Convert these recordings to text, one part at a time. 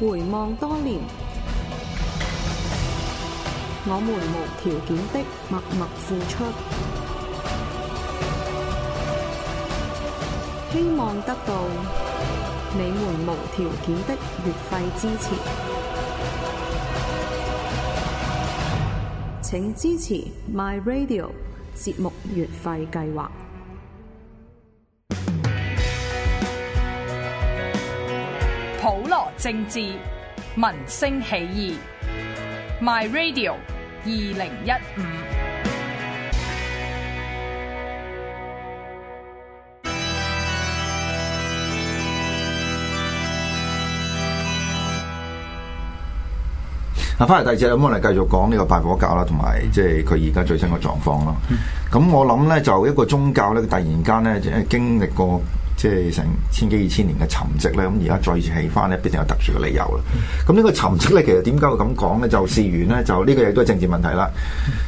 回望多年，我們無條件的默默付出，希望得到你們無條件的月費支持，請支持 My Radio 節目月費計劃。政治民聲起義，My Radio 二零一五。啊，翻嚟第二節，我哋繼續講呢個拜火教啦，同埋即係佢而家最新嘅狀況啦。咁、嗯、我諗咧，就一個宗教咧，突然間咧經歷過。即係成千幾二千年嘅沉寂咧，咁而家再次起翻咧，必定有特殊嘅理由啦。咁呢、嗯、個沉寂咧，其實點解會咁講咧？就事源咧，就呢個嘢都係政治問題啦。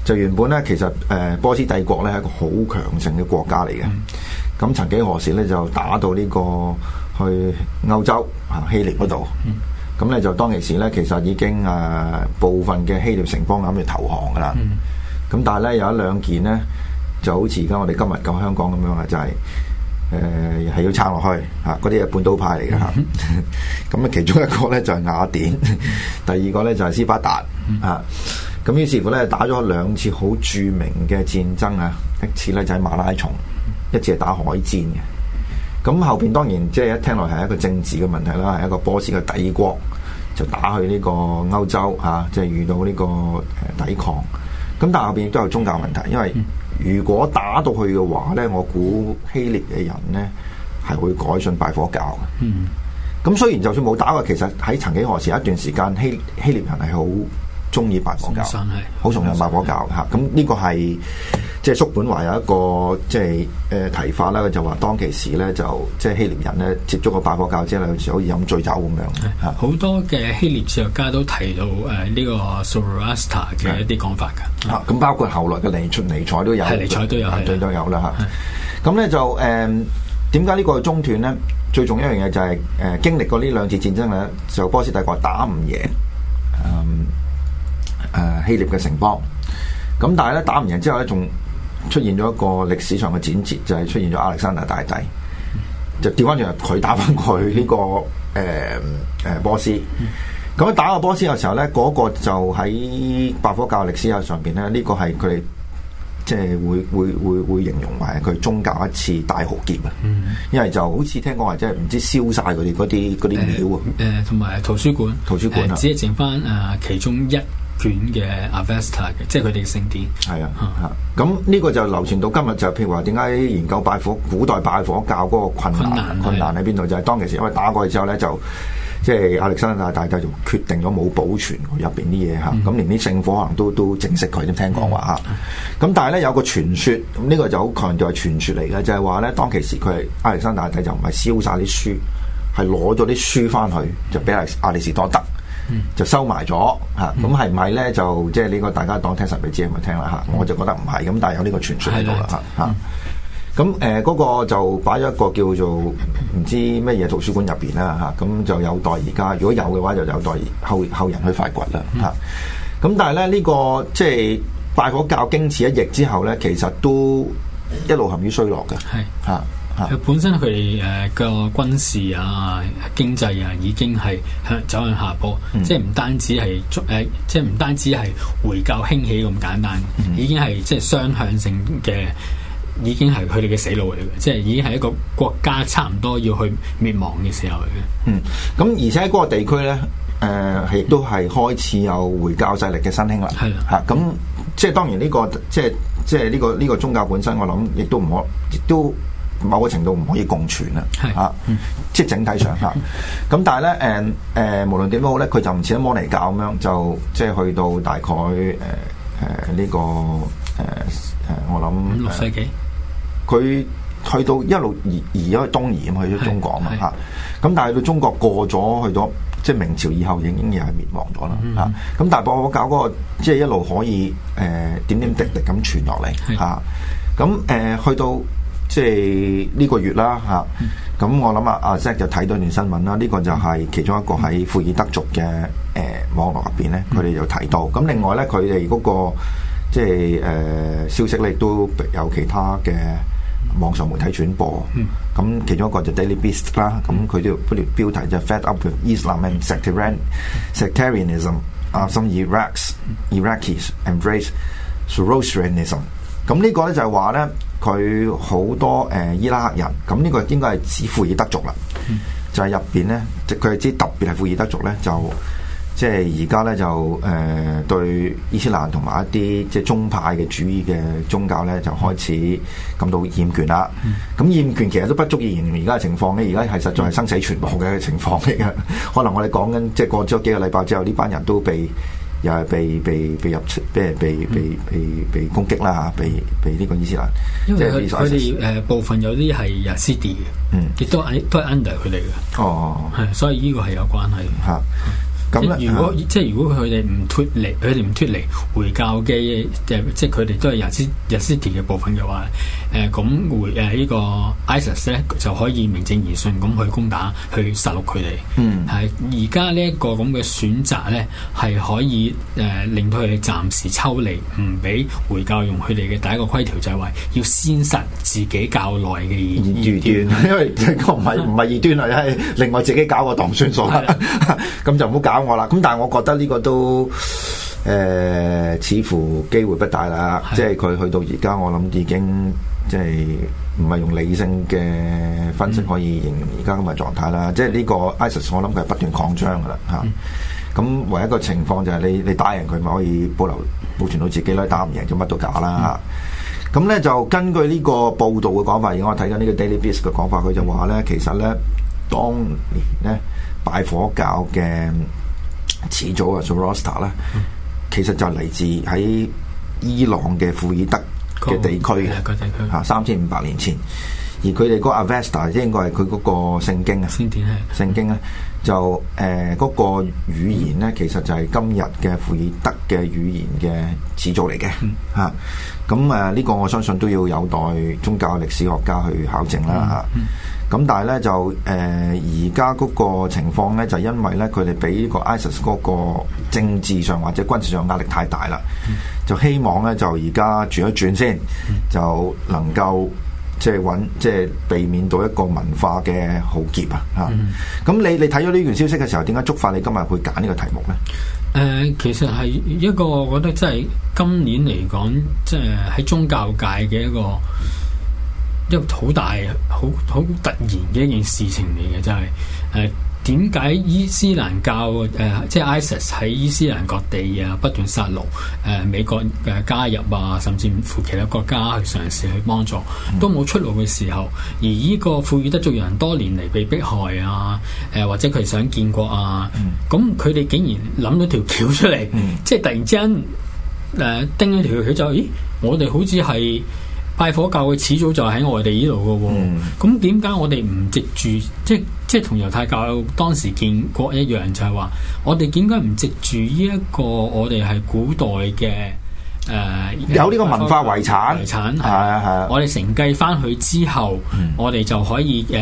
就原本咧，其實誒、呃、波斯帝國咧係一個好強盛嘅國家嚟嘅。咁、嗯、曾幾何時咧，就打到呢個去歐洲啊希臘嗰度。咁咧、嗯、就當其時咧，其實已經誒、呃、部分嘅希臘城邦諗住投降噶啦。咁、嗯、但係咧有一兩件咧，就好似而家我哋今日嘅香港咁樣啊，就係、是。誒，係、呃、要撐落去吓，嗰啲係半島派嚟嘅吓。咁啊，嗯、哼 其中一個咧就係、是、雅典， 第二個咧就係、是、斯巴達啊。咁於是乎咧，打咗兩次好著名嘅戰爭啊，一次咧就喺、是、馬拉松，一次係打海戰嘅。咁後邊當然，即係一聽落係一個政治嘅問題啦，係一個波斯嘅帝國就打去呢個歐洲吓，即、啊、係、就是、遇到呢個抵抗。咁但係後邊亦都有宗教問題，因為、嗯。如果打到去嘅話呢，我估希臘嘅人呢係會改信拜火教嘅。嗯，咁雖然就算冇打過，其實喺曾幾何時一段時間希希臘人係好中意拜火教，好崇尚拜火教嚇。咁呢個係即係叔本華有一個即係誒提法啦。就話當其時咧，就即係希臘人咧接觸個拜火教之後，有時好似飲醉酒咁樣咧嚇。好多嘅希臘哲學家都提到誒呢個 Surasta 嘅一啲講法噶嚇。咁包括後來嘅尼出尼采都有，尼采都有，尼采都有啦嚇。咁咧就誒點解呢個中斷咧？最重要一樣嘢就係誒經歷過呢兩次戰爭咧，就波斯帝國打唔贏。誒、啊，希臘嘅城邦，咁但係咧打完贏之後咧，仲出現咗一個歷史上嘅轉折，就係、是、出現咗亞歷山大大帝。嗯、就調翻轉，佢打翻佢呢個誒誒波斯。咁、嗯、打個波斯嘅時候咧，嗰、那個就喺拜火教歷史啊上邊咧，呢、這個係佢哋，即、就、係、是、會會會會形容埋佢宗教一次大浩劫啊！嗯、因為就好似聽講話，即係唔知燒晒佢哋嗰啲嗰啲廟啊，誒，同埋圖書館、圖書館只係剩翻誒其中一卷嘅阿 vesta 嘅，a vest a，即係佢哋嘅聖典，係啊，咁呢、嗯啊、個就流傳到今日就譬如話，點解研究拜火古代拜火教嗰個困難困難喺邊度？就係、是、當其時，因為打過去之後咧，就即係亞歷山大大帝就決定咗冇保存入邊啲嘢嚇，咁、嗯啊、連啲聖火可能都都正式佢。咁聽講話嚇，咁、啊、但係咧有個傳說，咁、嗯、呢、這個就好強調係傳說嚟嘅，就係話咧當其時佢係亞歷山大帝就唔係燒曬啲書，係攞咗啲書翻去就俾阿亞里士多德。嗯、就收埋咗，吓，咁係唔係咧？就即係呢個大家當聽神秘知音係咪聽啦，吓、嗯、我就覺得唔係，咁但係有呢個傳說喺度啦，吓，咁誒，嗰、啊那個就擺咗一個叫做唔知乜嘢圖書館入邊啦，吓、啊、咁就有待而家如果有嘅話，就有待後後人去發掘啦，吓咁、嗯啊、但係咧呢、這個即係拜火教經此一役之後咧，其實都一路陷於衰落嘅，係吓、嗯。是啊佢本身佢哋誒個軍事啊、經濟啊已經係向走向下坡，嗯呃，即係唔單止係捉誒，即係唔單止係回教興起咁簡單，嗯、已經係即係雙向性嘅，已經係佢哋嘅死路嚟嘅，即係已經係一個國家差唔多要去滅亡嘅時候嚟嘅。嗯，咁而且喺嗰個地區咧，誒、呃、係都係開始有回教勢力嘅新興啦。係啦的，咁、啊、即係當然呢、呢個即係即係、呢、呢個呢、呢個宗教本身我，我諗亦都唔可亦都。某個程度唔可以共存啦，嚇，即係整體上吓。咁但係咧，誒誒，無論點都好咧，佢就唔似得摩尼教咁樣，就即係去到大概誒誒呢個誒誒，我諗六世紀，佢去到一路移移咗去東移咁去咗中國啊嘛嚇。咁但係到中國過咗去咗，即係明朝以後已經又係滅亡咗啦嚇。咁但係波波教嗰個即係一路可以誒點點滴滴咁傳落嚟嚇。咁誒去到。即係呢個月啦嚇，咁我諗啊阿 Zeke 就睇到一段新聞啦，呢個就係其中一個喺庫爾德族嘅誒網絡入邊咧，佢哋就睇到。咁另外咧，佢哋嗰個即係誒消息咧，都有其他嘅網上媒體轉播。咁其中一個就 Daily Beast 啦，咁佢條標題就 Fed Up With Islam And Sectarian Sectarianism，SomeIraqis Iraqis Embrace Zoroastrianism。咁呢個咧就係話咧。佢好多誒、呃、伊拉克人，咁呢個應該係指庫爾德族啦，嗯、就係入邊咧，佢係知特別係庫爾德族咧，就即係而家咧就誒、呃、對伊斯蘭同埋一啲即係宗派嘅主義嘅宗教咧，就開始感到厭倦啦。咁、嗯、厭倦其實都不足以言，而家嘅情況咧，而家係實在係生死存亡嘅一個情況嚟嘅。可能我哋講緊即係過咗幾個禮拜之後，呢班人都被又係被被被入侵，即係被被被被，被，被攻擊啦嚇，被被呢個伊斯蘭，因為佢哋誒部分有啲係亞茲迪嘅，嗯，亦都都係 under 佢哋嘅，哦，係所以呢個係有關係嘅嚇。啊如果，啊，即係如果佢哋唔脫離佢哋唔脫離回教嘅，即係即係佢哋都係伊斯伊斯蒂嘅部分嘅話誒咁，啊，回誒，啊這個，呢個 ISIS 咧就可以名正言順咁去攻打去殺戮佢哋。嗯，係而家呢一個咁嘅選擇咧，係可以誒，呃，令到佢哋暫時抽離唔俾回教用佢哋嘅第一個規條就係話要先殺自己教內嘅異端，因為個唔係唔係異端啊，係另外自己搞個黨宣所啦，咁是的 就唔好搞。我啦，咁但係我覺得呢個都誒、呃，似乎機會不大啦。是的 即係佢去到而家，我諗已經即係唔係用理性嘅分析可以形容而家咁嘅狀態啦。嗯、即係呢個 ISIS，IS，我諗佢係不斷擴張噶啦嚇。咁、嗯、唯一一個情況就係你你打贏佢咪可以保留保存到自己咯，打唔贏就乜都假啦咁咧、嗯嗯、就根據呢個報道嘅講法，而我睇緊呢個 Daily Beast 嘅講法，佢就話咧其實咧當年咧拜火教嘅。始祖啊，Zoroaster 啦，其實就嚟自喺伊朗嘅庫爾德嘅地區嘅個地區，吓三千五百年前，而佢哋個 Avesta 應該係佢嗰個聖經啊，聖、嗯、經咧就誒嗰、呃那個語言咧，其實就係今日嘅庫爾德嘅語言嘅始祖嚟嘅，吓咁誒呢個我相信都要有待宗教歷史學家去考證啦。啊嗯嗯咁、嗯、但係咧就誒而家嗰個情況咧就因為咧佢哋俾呢個 ISIS 嗰個政治上或者軍事上壓力太大啦，就希望咧就而家轉一轉先，嗯、就能夠即係穩即係避免到一個文化嘅浩劫啊！吓咁、嗯、你你睇咗呢段消息嘅時候，點解觸發你今日會揀呢個題目咧？誒、呃，其實係一個我覺得即係今年嚟講，即係喺宗教界嘅一個。一個好大、好好突然嘅一件事情嚟嘅，就係誒點解伊斯蘭教誒、呃，即係 IS ISIS 喺伊斯蘭各地啊不斷殺戮，誒、呃、美國誒加入啊，甚至乎其他國家去嘗試去幫助，都冇出路嘅時候，而呢個庫爾德族人多年嚟被迫害啊，誒、呃、或者佢想建國啊，咁佢哋竟然諗咗條橋出嚟，嗯、即係突然間誒、呃、叮咗條橋就，咦我哋好似係。拜火教佢始早就喺外地呢度嘅，咁點解我哋唔籍住？即即同猶太教當時建國一樣，就係、是、話我哋點解唔籍住呢一個我哋係古代嘅？誒、呃、有呢個文化遺產，遺產係啊係啊，我哋承繼翻佢之後，嗯、我哋就可以誒，藉、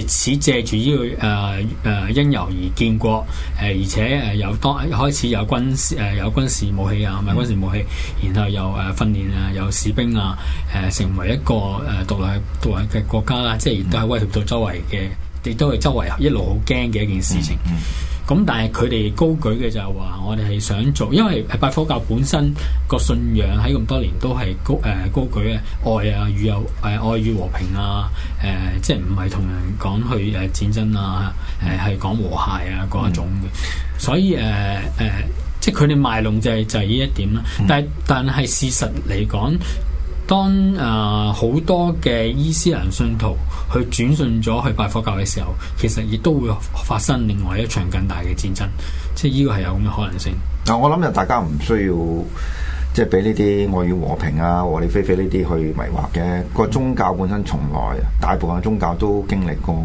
呃、此借住呢、這個誒誒因由而建國，誒、呃、而且誒有當開始有軍誒有軍事武器啊，唔、呃、係軍事武器，嗯、然後又誒訓練啊，有、呃、士兵啊，誒、呃、成為一個誒、呃、獨立獨立嘅國家啦，即係都係威脅到周圍嘅，亦都係周圍一路好驚嘅一件事情。嗯嗯咁但係佢哋高舉嘅就係話，我哋係想做，因為誒，拜火教本身個信仰喺咁多年都係高誒、呃、高舉嘅愛啊，與友誒愛與和平啊，誒、呃、即係唔係同人講去誒戰爭啊，誒係講和諧啊嗰一種嘅，所以誒誒、呃呃，即係佢哋賣弄就係、是、就係、是、呢一點啦。但係但係事實嚟講。當誒好、呃、多嘅伊斯蘭信徒去轉信咗去拜火教嘅時候，其實亦都會發生另外一場更大嘅戰爭，即係呢個係有咁嘅可能性。嗱、呃，我諗就大家唔需要即係俾呢啲愛與和平啊，和你非非呢啲去迷惑嘅、那個宗教本身從來大部分宗教都經歷過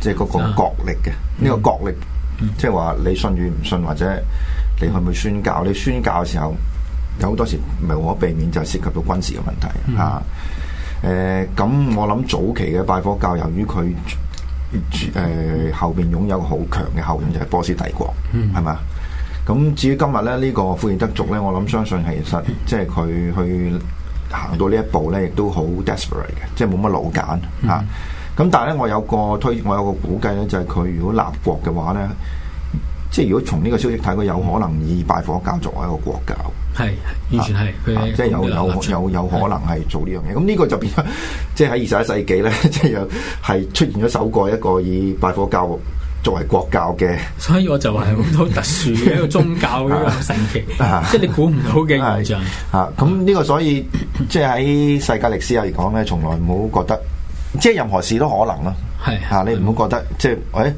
即係嗰個角力嘅呢個角力，嗯、即係話你信與唔信或者你去唔去宣教，你宣教嘅時候。有好多時無可避免就係涉及到軍事嘅問題吓，誒咁、嗯啊、我諗早期嘅拜火教由於佢，誒後邊擁有好強嘅後盾就係、是、波斯帝國，係咪、嗯？咁至於今日咧呢、這個庫爾德族咧，我諗相信其實即係佢去行到呢一步咧，亦都好 desperate 嘅，即係冇乜路揀吓。咁、嗯啊、但係咧我有個推我有個估計咧就係、是、佢如果立國嘅話咧。即係如果從呢個消息睇，佢有可能以拜火教作為一個國教。係，以前係即係有有有有可能係做呢的樣嘢。咁呢個就變咗即係喺二十一世紀咧，即係有係出現咗首個一個以拜火教作為國教嘅。所以我就話係好多特殊嘅一個宗教嘅一種神奇， 即係你估唔到嘅啊，咁呢個所以即係喺世界歷史嚟講咧，從來冇覺得，即係任何事都可能咯。係吓的的、啊，你唔好覺得，即係喂。哎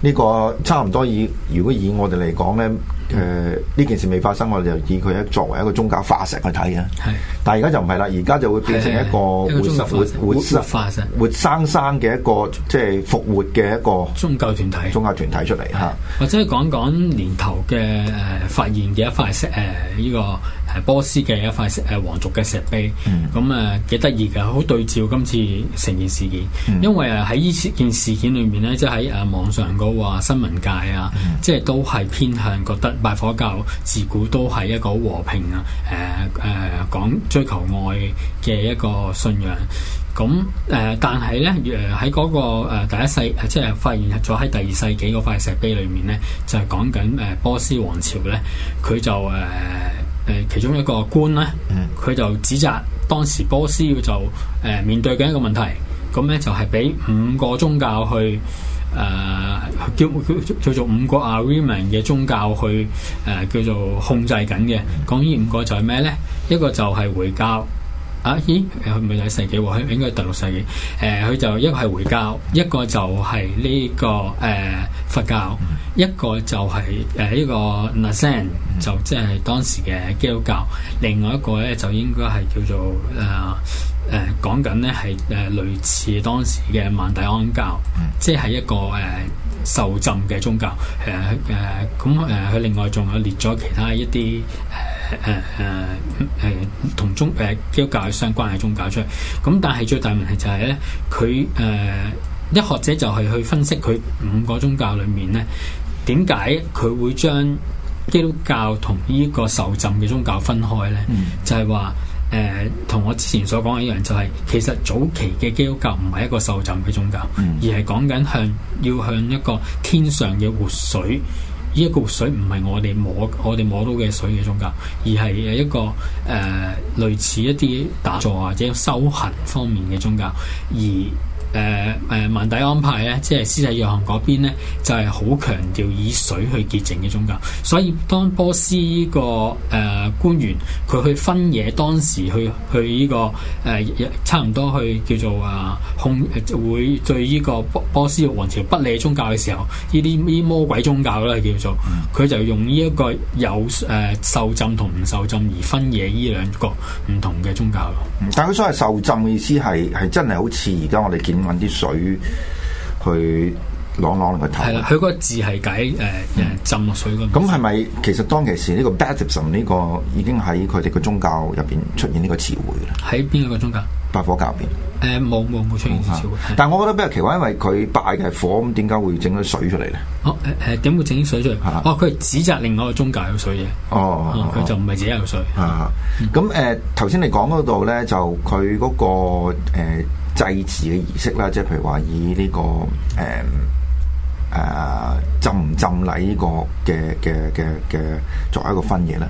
呢個差唔多以，如果以我哋嚟講咧。誒、呢、呃、件事未發生，我哋就以佢作為一個宗教化石去睇嘅。係是，但係而家就唔係啦，而家就會變成一個活化石、活生生嘅一個即係復活嘅一個宗教團體、宗教團體出嚟嚇。或者係講講年頭嘅誒、呃、發現嘅一塊石誒呢、呃這個誒波斯嘅一塊誒王族嘅石碑，咁誒幾得意嘅，好對照今次成件事件，嗯、因為喺呢件事件裏面咧，即喺誒網上嘅話、新聞界啊，嗯、即係都係偏向覺得。拜火教自古都係一個和平啊，誒、呃、誒、呃、講追求愛嘅一個信仰。咁誒、呃，但係咧，喺、呃、嗰、那個、呃、第一世，即係發現咗喺第二世紀嗰塊石碑裏面咧，就係、是、講緊誒、呃、波斯王朝咧，佢就誒誒、呃、其中一個官咧，佢就指責當時波斯就誒、呃、面對緊一個問題，咁咧就係、是、俾五個宗教去。誒、啊、叫叫，叫做五個阿 remen 嘅宗教去誒、啊、叫做控制緊嘅，講呢五個就係咩咧？一個就係回教。啊？咦？佢唔係第四世紀喎，佢應該第六世紀。誒，佢就一個係回教，一個就係呢個誒佛教，一個就係誒呢個納僧，就即係當時嘅基督教。另外一個咧，就應該係叫做誒誒講緊咧，係誒類似當時嘅萬底安教，即係一個誒受浸嘅宗教。誒誒咁誒，佢另外仲有列咗其他一啲誒。誒誒誒、同、呃呃呃、宗誒、呃、基督教相關嘅宗教出嚟，咁但係最大問題就係、是、咧，佢誒、呃、一學者就係去分析佢五個宗教裏面咧，點解佢會將基督教同呢個受浸嘅宗教分開咧？嗯、就係話誒同我之前所講嘅一樣、就是，就係其實早期嘅基督教唔係一個受浸嘅宗教，嗯、而係講緊向要向一個天上嘅活水。呢一個水唔係我哋摸我哋摸到嘅水嘅宗教，而係一個誒、呃、類似一啲打坐或者修行方面嘅宗教，而。誒誒、呃呃，曼底安派咧，即係施洗約翰嗰邊咧，就係好強調以水去潔淨嘅宗教。所以當波斯呢、這個誒、呃、官員，佢去分野當時去去呢、這個誒、呃、差唔多去叫做啊控會對呢個波斯王朝不利宗教嘅時候，呢啲魔鬼宗教咧叫做，佢就用呢一個有誒受浸同唔受浸而分野呢兩個唔同嘅宗教咯、嗯。但係佢所謂受浸嘅意思係係真係好似而家我哋見。揾啲水去攞攞落個頭，係啦。佢個字係解誒誒浸水嗰。咁係咪其實當其時呢個 Baptism 呢個已經喺佢哋個宗教入邊出現呢個詞彙啦？喺邊一個宗教？拜火教入邊誒，冇冇冇出現呢個詞彙。但係我覺得比較奇怪，因為佢拜嘅係火，咁點解會整咗水出嚟咧？哦誒點會整水出嚟？哦，佢係指責另外一個宗教有水嘅，哦佢就唔係自己有水。啊咁誒，頭先你講嗰度咧，就佢嗰個誒。祭祀嘅儀式啦，即係譬如話以呢、這個誒誒、呃呃、浸唔浸禮呢個嘅嘅嘅嘅作為一個分野啦。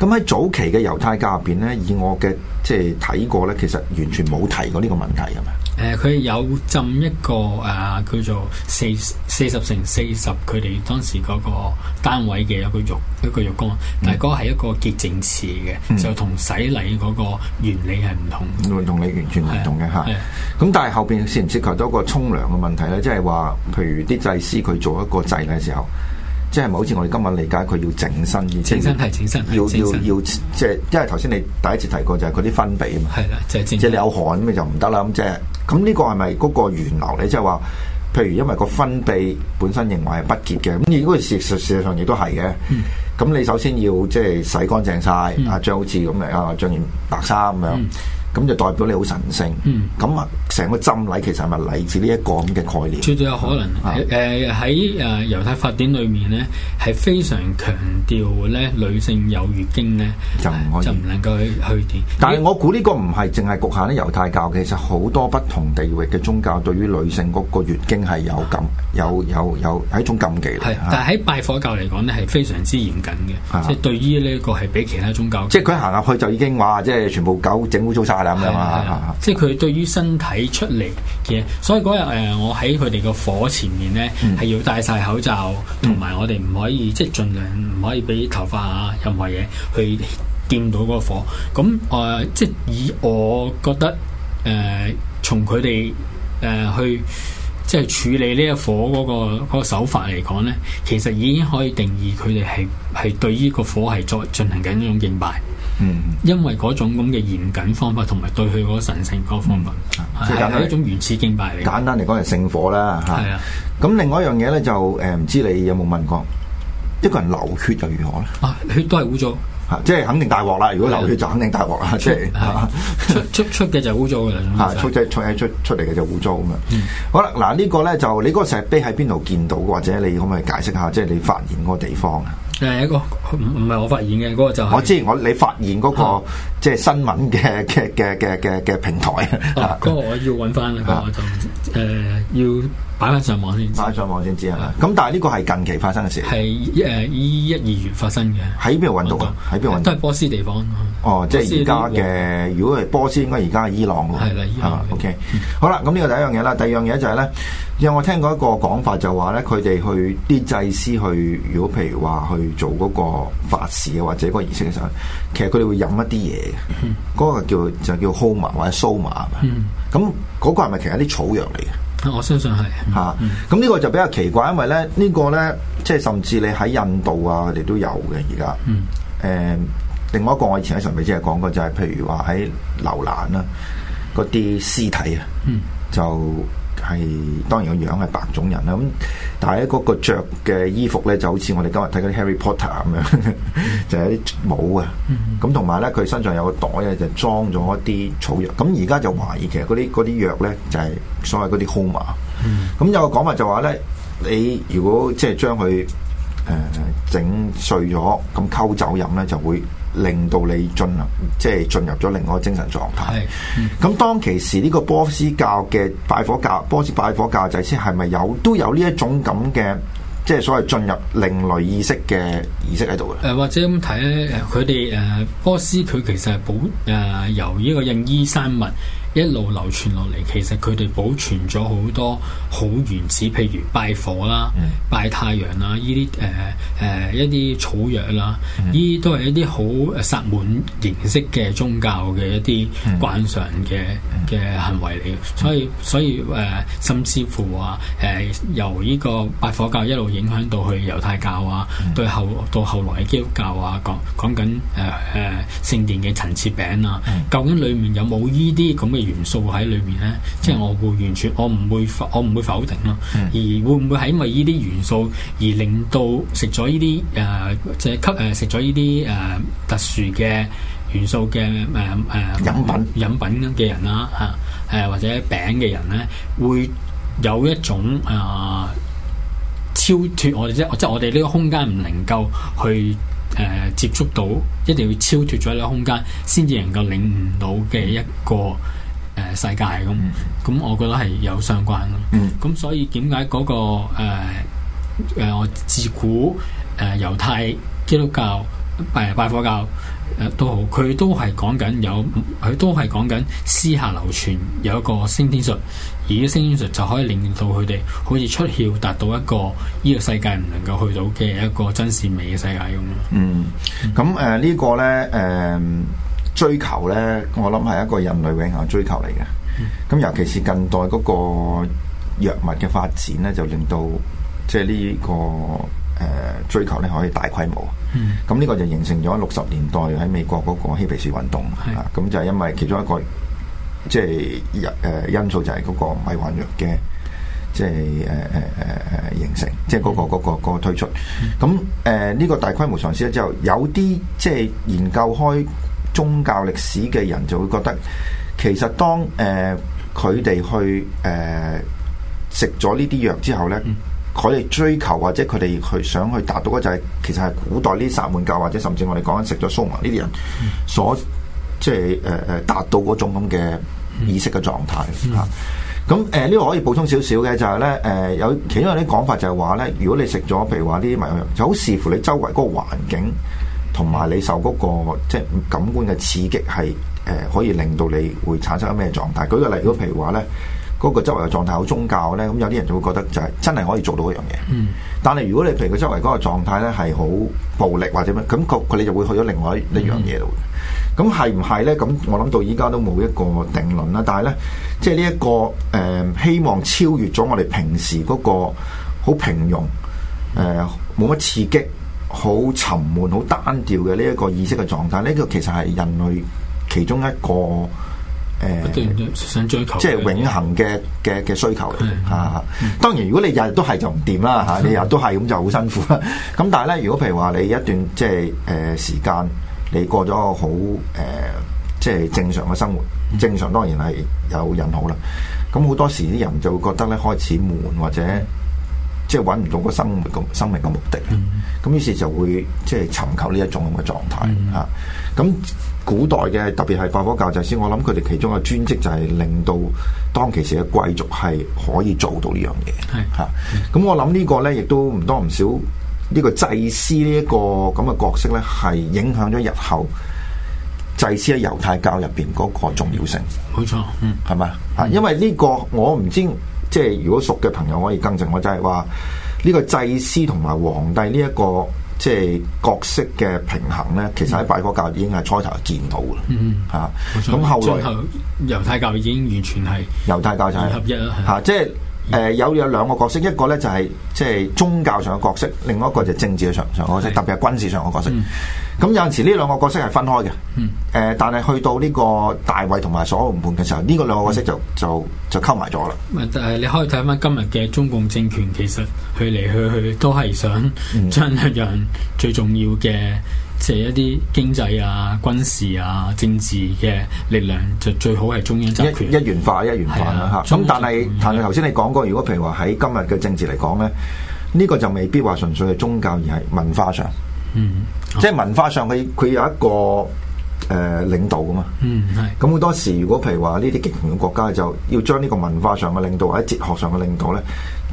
咁喺、嗯、早期嘅猶太教入邊咧，以我嘅即係睇過咧，其實完全冇提過呢個問題㗎嘛。誒佢有浸一個誒叫做四四十乘四十，佢哋當時嗰個單位嘅一個浴一個浴缸，但係嗰個係一個潔淨池嘅，就同洗禮嗰個原理係唔同，唔同你完全唔同嘅嚇。咁但係後邊涉唔涉及多個沖涼嘅問題咧？即係話，譬如啲祭師佢做一個祭嘅時候，即係咪好似我哋今日理解佢要整身嘅？整身係整身，要要要，即係因為頭先你第一次提過就係嗰啲分泌啊嘛，係啦，即係即係你有汗咁就唔得啦，咁即係。咁呢個係咪嗰個源流咧？即係話，譬如因為個分泌本身認為係不潔嘅，咁如果事實事實上亦都係嘅。咁、嗯、你首先要即係洗乾淨晒，啊將好似咁嘅啊將件白衫咁樣。嗯咁就代表你好神聖，嗯。咁啊，成個浸禮其實係咪嚟自呢一個咁嘅概念？絕對有可能。誒喺誒猶太法典裏面咧，係非常強調咧女性有月經咧，就唔可就唔能夠去去。但係我估呢個唔係淨係局限喺猶太教，其實好多不同地域嘅宗教對於女性嗰個月經係有禁、嗯，有有有係一種禁忌。係。但係喺拜火教嚟講呢，係非常之嚴謹嘅，嗯、即係對於呢一個係比其他宗教。嗯、即係佢行入去就已經哇！即係全部搞整污糟晒。係啊，即係佢對於身體出嚟嘅，所以嗰日誒，我喺佢哋個火前面呢，係、嗯、要戴晒口罩，同埋我哋唔可以，即係盡量唔可以俾頭髮啊，任何嘢去掂到嗰個火。咁誒、呃，即係以我覺得誒，從佢哋誒去即係處理呢一火嗰、嗰個、嗰個手法嚟講呢，其實已經可以定義佢哋係係對呢個火係在進行緊呢種敬拜。嗯，因為嗰種咁嘅嚴謹方法，同埋對佢嗰個神聖嗰個方法，係一種原始敬拜嚟。簡單嚟講，係聖火啦。係啊的，咁的另外一樣嘢咧，就誒，唔知你有冇問過，一個人流血又如何咧？啊，血都係污糟，吓，即係肯定大鑊啦。如果流血就肯定大鑊啦，即係出出嘅就污糟噶啦，出出出出出嚟嘅就污糟咁啊。 好啦，嗱呢個咧就你嗰個石碑喺邊度見到，或者你可唔可以解釋下，即、就、係、是、你發現嗰個地方啊？係一個唔唔係我發現嘅，嗰、那個就係、是、我之前我你發現嗰、那個、啊、即係新聞嘅嘅嘅嘅嘅嘅平台啊，嗰、啊、個我要揾翻啦，嗰、啊、個我就誒、呃、要。擺翻上網先，擺翻上網先知係咪啊！咁但係呢個係近期發生嘅事，係誒依一二月發生嘅。喺邊度運動？喺邊度運動？都係波斯地方哦，方即係而家嘅。如果係波斯，應該而家係伊朗喎。係啦，伊朗。O K，好啦，咁呢個第一樣嘢啦，第二樣嘢就係、是、咧，因為我聽過一個講法就，就話咧，佢哋去啲祭司去，如果譬如話去做嗰個法事啊，或者個儀式嘅時候，其實佢哋會飲一啲嘢，嗰、嗯、個叫就叫蒿麻或者蘇麻。嗯。咁嗰個係咪其實啲草藥嚟嘅？我相信係嚇，咁、嗯、呢、啊嗯、個就比較奇怪，因為咧呢、這個咧，即係甚至你喺印度啊，佢哋都有嘅而家。誒、嗯呃，另外一個我以前喺上邊即係講過、就是，就係譬如話喺樓蘭啦，嗰啲屍體啊，嗯、就。係當然個樣係白種人啦，咁但係喺嗰個着嘅衣服咧，就好似我哋今日睇嗰啲 Harry Potter 咁樣， 就係一啲帽啊，咁同埋咧佢身上有個袋咧，就裝咗一啲草藥。咁而家就懷疑其實嗰啲嗰啲藥咧就係、是、所謂嗰啲 home 啊。咁、hmm. 有個講法就話咧，你如果即係將佢誒整碎咗，咁溝酒飲咧就會。令到你進入，即係進入咗另外一個精神狀態。咁、嗯、當其時呢個波斯教嘅拜火教，波斯拜火教祭司係咪有都有呢一種咁嘅，即係所謂進入另類意識嘅意識喺度嘅？誒或者咁睇咧，誒佢哋誒波斯佢其實係保誒、啊、由呢個印伊生物。一路流傳落嚟，其實佢哋保存咗好多好原始，譬如拜火啦、嗯、拜太陽啦，呢啲誒誒一啲草藥啦，呢啲、嗯、都係一啲好誒撒滿形式嘅宗教嘅一啲慣常嘅嘅、嗯、行為嚟嘅。所以所以誒、呃、甚至乎啊誒、呃、由呢個拜火教一路影響到去猶太教啊，對、嗯、後到後來嘅基督教啊，講講緊誒誒聖殿嘅陳設餅啊，嗯、究竟裏面有冇依啲咁嘅？元素喺裏面咧，即係我會完全，我唔會否，我唔會否定咯。而會唔會係因為呢啲元素，而令到食咗呢啲誒，即係吸誒、呃、食咗呢啲誒特殊嘅元素嘅誒誒飲品飲品嘅人啦嚇，誒、呃、或者餅嘅人咧，會有一種誒、呃、超脫即我即即我哋呢個空間唔能夠去誒、呃、接觸到，一定要超脫咗呢個空間，先至能夠領悟到嘅一個。誒，世界咁，咁、嗯、我覺得係有相關嘅，咁、嗯、所以點解嗰個誒誒、呃，我自古誒猶、呃、太、基督教、拜拜火教誒、呃、都好，佢都係講緊有，佢都係講緊私下流傳有一個升天術，而啲升天術就可以令到佢哋好似出竅，達到一個呢個世界唔能夠去到嘅一個真善美嘅世界咁咯。嗯，咁誒、嗯 uh, 呢個咧，誒、uh,。追求咧，我諗係一個人類永恒嘅追求嚟嘅。咁、嗯、尤其是近代嗰個藥物嘅發展咧，就令到即係呢個誒、呃、追求咧可以大規模。咁呢、嗯、個就形成咗六十年代喺美國嗰個嬉皮士運動是啊。咁就係因為其中一個即係誒因素就係嗰個迷幻藥嘅即係誒誒誒誒形成，即係嗰個嗰、嗯嗰個、嗰個嗰個推出。咁誒呢個大規模嘗試咗之後，有啲即係研究開宗教歷史嘅人就會覺得，其實當誒佢哋去誒食咗呢啲藥之後咧，佢哋、嗯、追求或者佢哋去想去達到嘅就係、是、其實係古代呢薩滿教或者甚至我哋講緊食咗蘇麻呢啲人、嗯、所即係誒誒達到嗰種咁嘅意識嘅狀態嚇。咁誒呢度可以補充少少嘅就係咧誒有其中有啲講法就係話咧，如果你食咗譬如話啲迷香藥，就好視乎你周圍嗰個環境。同埋你受嗰個即係感官嘅刺激係誒，可以令到你會產生咩狀態？舉個例子，如果譬如話咧，嗰個周圍嘅狀態好宗教咧，咁有啲人就會覺得就係真係可以做到一樣嘢。嗯。但係如果你譬如佢周圍嗰個狀態咧係好暴力或者咩，咁佢佢哋就會去咗另外一樣嘢度。咁係唔係咧？咁我諗到依家都冇一個定論啦。但係咧，即係呢一個誒，希望超越咗我哋平時嗰個好平庸誒，冇乜刺激、好沉悶、好單調嘅呢一個意識嘅狀態，呢、呢個其實係人類其中一個誒，呃、想追求即係永恒嘅嘅嘅需求嚟吓的、啊。當然，如果你日都的你日都係就唔掂啦吓，你日日都係咁就好辛苦啦。咁但係咧，如果譬如話你一段即係誒時間，你過咗個好誒、呃、即係正常嘅生活，的正常當然係有忍好啦。咁好多時啲人就會覺得咧開始悶或者。即係揾唔到個生活咁生命嘅目的，咁、嗯、於是就會即係尋求呢一種咁嘅狀態嚇。咁、嗯啊、古代嘅特別係拜火教祭司，我諗佢哋其中嘅專職就係令到當其時嘅貴族係可以做到是、啊、呢樣嘢，嚇。咁我諗呢個咧亦都唔多唔少呢個祭司呢一個咁嘅角色咧，係影響咗日後祭司喺猶太教入邊嗰個重要性。冇錯，嗯，係咪？啊，嗯、因為呢個我唔知。即係如果熟嘅朋友可以更正，我就係話呢個祭司同埋皇帝呢、這、一個即係角色嘅平衡咧，其實喺拜火教已經係初頭見到嘅，吓咁後來後猶太教已經完全係猶太教就係合一啦吓、啊、即係。誒有、呃、有兩個角色，一個咧就係即係宗教上嘅角色，另外一個就係政治上上嘅角色，是特別係軍事上嘅角色。咁、嗯嗯、有陣時呢兩個角色係分開嘅。誒、嗯呃，但係去到呢個大衛同埋所羅門嘅時候，呢、這個兩個角色就、嗯、就就溝埋咗啦。誒，但你可以睇翻今日嘅中共政權，其實去嚟去去都係想將一樣最重要嘅。嗯借一啲經濟啊、軍事啊、政治嘅力量，就最好係中央集權一,一元化一元化啦。咁但係是，但係頭先你講過，如果譬如話喺今日嘅政治嚟講咧，呢個就未必話純粹係宗教，而係文化上。嗯，即係文化上佢佢有一個。誒、呃、領導噶嘛，嗯係，咁好多時如果譬如話呢啲極權國家，就要將呢個文化上嘅領導，或者哲學上嘅領導咧，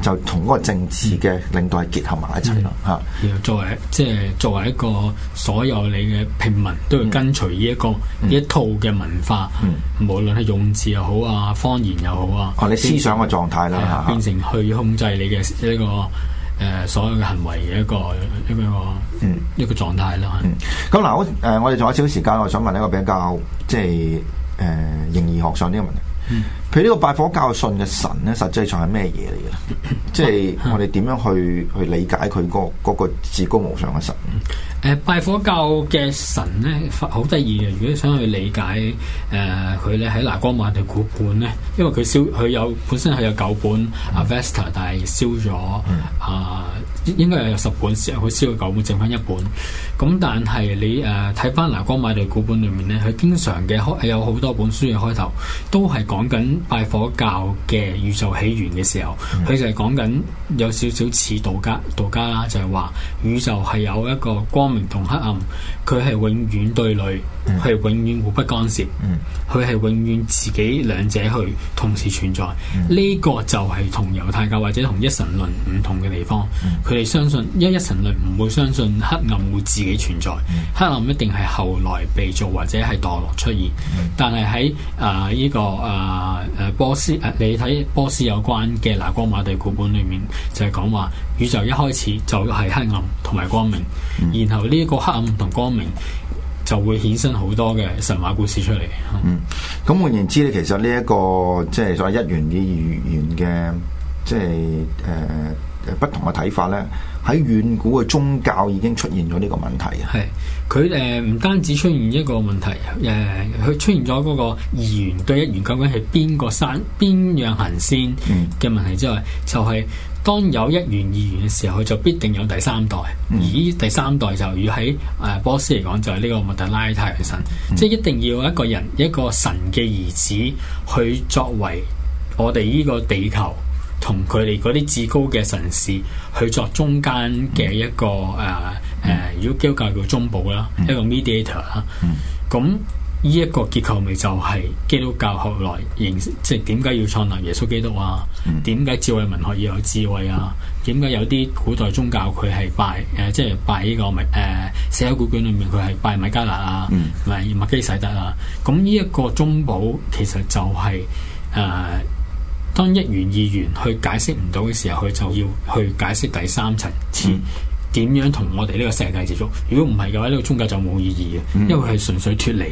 就同嗰個政治嘅領導係結合埋一齊啦嚇。然後作為即係、就是、作為一個所有你嘅平民都要跟隨呢、嗯、一個、嗯嗯、一套嘅文化，嗯嗯、無論係用字又好，好啊，方言又好啊，哦，你思想嘅狀態啦嚇、嗯，變成去控制你嘅呢個。嗯誒、呃，所有嘅行為嘅一個一個一個，嗯，一個狀態啦。咁嗱、嗯，嗯、好誒、呃，我哋仲有少少時間，我想問一個比較即係誒，形、呃、而學上呢個問題。嗯。佢呢個拜火教信嘅神咧，實際上係咩嘢嚟嘅？ 即係我哋點樣去 去理解佢、嗰個嗰、嗰個、至高無上嘅神？誒、呃，拜火教嘅神咧，好得意嘅。如果你想去理解誒佢咧喺拿光馬地古本咧，因為佢燒佢有，有本身係有九本阿、嗯、Vesta，但係燒咗啊、嗯呃，應該係有十本燒，佢燒咗九本，剩翻一本。咁但係你誒睇翻拿光馬地古本裏面咧，佢經常嘅係有好多本書嘅開頭都係講緊。拜火教嘅宇宙起源嘅時候，佢就係講緊有少少似道家，道家啦就係話宇宙係有一個光明同黑暗，佢係永遠對壘，係永遠互不干涉，佢係永遠自己兩者去同時存在。呢個就係同猶太教或者同一神論唔同嘅地方，佢哋相信，因一神論唔會相信黑暗會自己存在，黑暗一定係後來被造或者係墮落出現。但係喺誒呢個誒。誒、呃，波斯誒、呃，你睇波斯有關嘅拿光馬地古本裏面就係、是、講話宇宙一開始就係黑暗同埋光明，嗯、然後呢一個黑暗同光明就會衍生好多嘅神話故事出嚟。嗯，咁換言之，其實呢、這、一個即係、就是、所謂一元嘅二元嘅，即係誒。呃不同嘅睇法咧，喺遠古嘅宗教已經出現咗呢個問題。係佢誒，唔單止出現一個問題，誒、呃、佢出現咗嗰個二元對一元究竟係邊個山、邊樣行先嘅問題之外，嗯、就係當有一元二元嘅時候，佢就必定有第三代。嗯、而呢第三代就要喺誒波斯嚟講就係呢個穆特拉、拉太陽神，嗯、即係一定要一個人一個神嘅兒子去作為我哋呢個地球。同佢哋嗰啲至高嘅神士去作中間嘅一個誒誒、嗯呃，如果基督教叫中保啦，嗯、一個 mediator 啦、嗯。咁呢一個結構咪就係基督教學來認識，即係點解要創立耶穌基督啊？點解、嗯、智慧文學要有智慧啊？點解、嗯、有啲古代宗教佢係拜誒，即、呃、係、就是、拜呢、這個咪，誒、呃《死海古卷》裏面佢係拜米迦勒啊，咪麥、嗯嗯、基洗德啊？咁呢一個中保其實就係、是、誒。呃呃當一元二元去解釋唔到嘅時候，佢就要去解釋第三層次點樣同我哋呢個世界接觸。如果唔係嘅話，呢個宗教就冇意義嘅，因為佢係純粹脱離，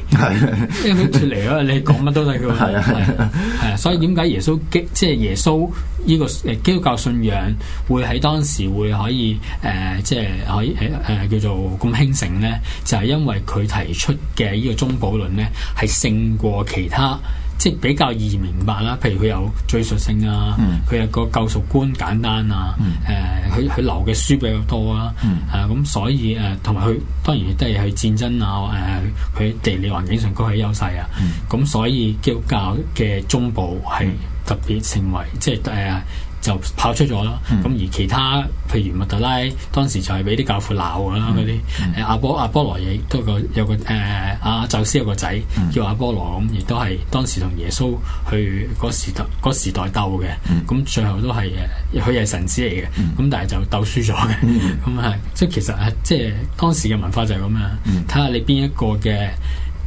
因為脱離啊！你講乜都得嘅，係啊， 係啊，所以點解耶穌基即係耶穌呢個基督教信仰會喺當時會可以誒即係可以誒、呃呃、叫做咁興盛咧？就係、是、因為佢提出嘅呢個中保論咧，係勝過其他。即係比較易明白啦，譬如佢有敍述性啊，佢、嗯、有個救贖觀簡單啊，誒佢佢留嘅書比較多啦、啊嗯啊，啊咁所以誒同埋佢當然都係喺戰爭啊誒佢、啊、地理環境上都係優勢啊，咁、嗯啊、所以基督教嘅中部係特別成為、嗯、即係誒。呃就跑出咗啦。咁、嗯、而其他譬如麥特拉，當時就係俾啲教父鬧噶啦嗰啲，誒、嗯嗯、阿波阿波羅亦都個有個誒、呃、阿宙斯有個仔、嗯、叫阿波羅咁，亦都係當時同耶穌去嗰時代嗰時代鬥嘅，咁、嗯、最後都係誒佢係神子嚟嘅，咁、嗯、但係就鬥輸咗嘅，咁係，即係其實誒即係當時嘅文化就係咁樣，睇下你邊一個嘅。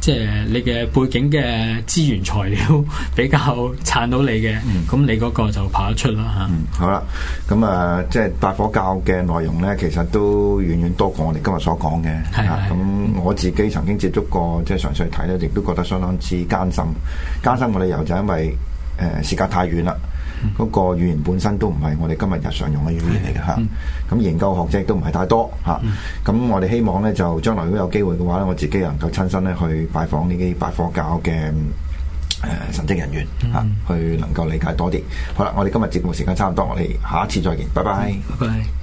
即係你嘅背景嘅資源材料 比較撐到你嘅，咁、嗯、你嗰個就跑得出啦嚇、啊嗯。嗯，好啦，咁啊，即係拜火教嘅內容咧，其實都遠遠多過我哋今日所講嘅。係，咁我自己曾經接觸過，即係純粹睇咧，亦都覺得相當之艱辛。艱辛嘅理由就因為誒、呃、時間太遠啦。嗰、嗯、個語言本身都唔係我哋今日日常用嘅語言嚟嘅嚇，咁、嗯啊、研究學者亦都唔係太多嚇。咁、啊嗯啊、我哋希望咧就將來如果有機會嘅話咧，我自己能夠親身咧去拜訪呢啲拜火教嘅誒、呃、神職人員嚇、啊，去能夠理解多啲。好啦，我哋今日節目時間差唔多，我哋下一次再見，嗯、拜拜。拜拜。